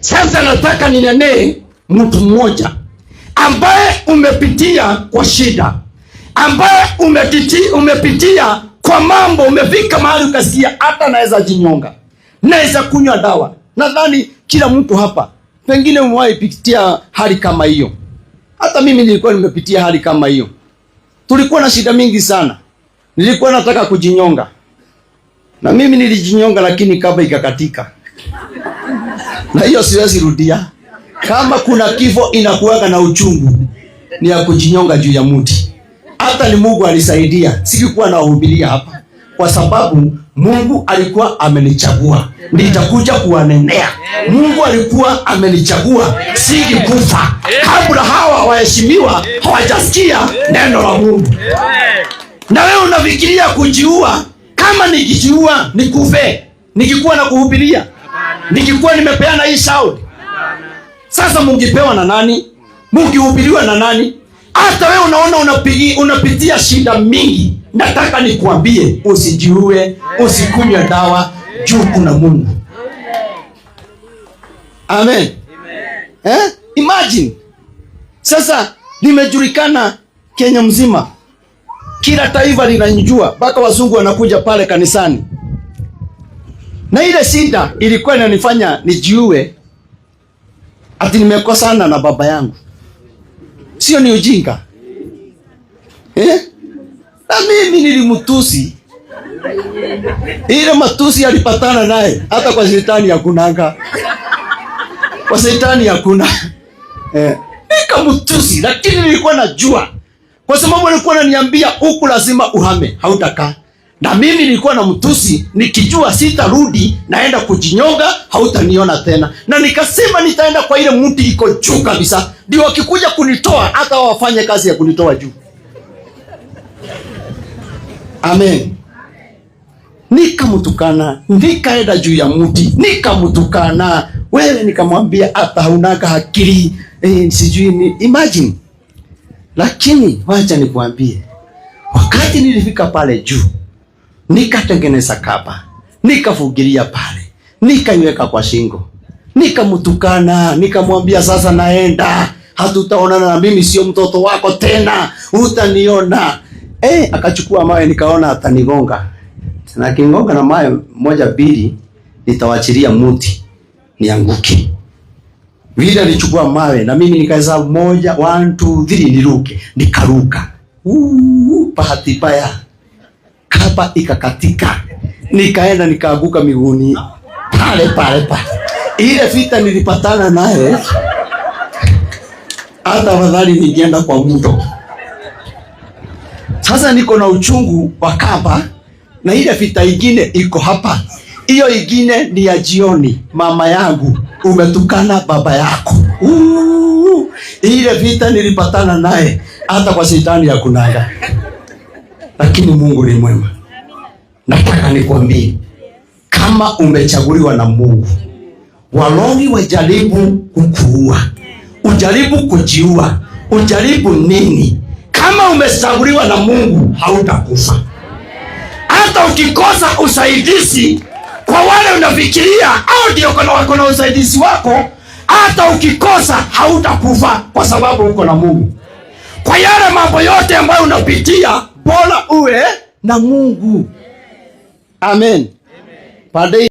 Sasa nataka ninenee mtu mmoja ambaye umepitia kwa shida, ambaye umepitia, umepitia kwa mambo, umefika mahali ukasikia hata naweza jinyonga, naweza kunywa dawa. Nadhani kila mtu hapa pengine umewahi pitia hali kama hiyo. Hata mimi nilikuwa nimepitia hali kama hiyo. Tulikuwa na shida mingi sana, nilikuwa nataka kujinyonga na mimi nilijinyonga, lakini kaba ikakatika na hiyo siwezi rudia. Kama kuna kifo inakuwaga na uchungu, ni ya kujinyonga juu ya muti Hata ni Mungu alisaidia, na nawahubiria hapa kwa sababu Mungu alikuwa amenichagua, nitakuja kuwanenea. Mungu alikuwa amenichagua, singekufa kabla hawa waheshimiwa hawajasikia neno la Mungu. Na wewe unafikiria kujiua? Kama nikijiua nikufe, nikikuwa na kuhubiria nikikuwa nimepeana hii shauri sasa, mungipewa na nani? Mungihubiriwa na nani? Hata wewe unaona unapigi, unapitia shida mingi. Nataka nikuambie usijiue, usikunywa dawa juu kuna Mungu. Amen, Amen. Eh? Imagine sasa, nimejulikana Kenya mzima, kila taifa linanijua, mpaka wazungu wanakuja pale kanisani na ile shida ilikuwa inanifanya nijiue ati nimekosana na baba yangu. Sio ni ujinga. Eh? Na mimi nilimtusi. Ile matusi alipatana naye hata kwa shetani hakunanga. Kwa shetani hakuna. Eh. Nikamtusi lakini nilikuwa najua kwa sababu alikuwa ananiambia huku lazima uhame, hautakaa na mimi nilikuwa na mtusi nikijua sitarudi, naenda kujinyonga, hautaniona tena. Na nikasema nitaenda kwa ile mti iko juu kabisa, ndio wakikuja kunitoa hata wafanye kazi ya kunitoa juu. Amen. Nikamtukana, nikaenda juu ya mti, nikamtukana wewe, nikamwambia hata unaka akili eh, sijui ni imagine. Lakini wacha nikwambie, wakati nilifika pale juu nikatengeneza kaba, nikafugilia pale, nikaiweka kwa shingo, nikamtukana, nikamwambia sasa naenda, hatutaonana na mimi, sio mtoto wako tena, utaniona. Eh, akachukua mawe, nikaona atanigonga na kingonga na mawe moja mbili, nitawachilia muti nianguke. Vile alichukua mawe na mimi nikaweza moja, one two three, niruke, nikaruka. Uu, bahati mbaya chapa ikakatika, nikaenda nikaanguka miguuni pale pale pale. Ile vita nilipatana naye, hata afadhali ningeenda kwa mto. Sasa niko na uchungu wa kamba, na ile vita ingine iko hapa. Hiyo ingine ni ya jioni, mama yangu umetukana baba yako. Uu, ile vita nilipatana naye hata kwa shetani ya kunanga, lakini Mungu ni mwema. Nataka nikwambie kama umechaguliwa na Mungu, Walongi wajaribu kukuua, ujaribu kujiua, ujaribu nini, kama umechaguliwa na Mungu hautakufa. Hata ukikosa usaidizi kwa wale unafikiria au ndio wako na usaidizi wako, hata ukikosa hautakufa kwa sababu uko na Mungu. Kwa yale mambo yote ambayo unapitia, bora uwe na Mungu. Amen. Amen.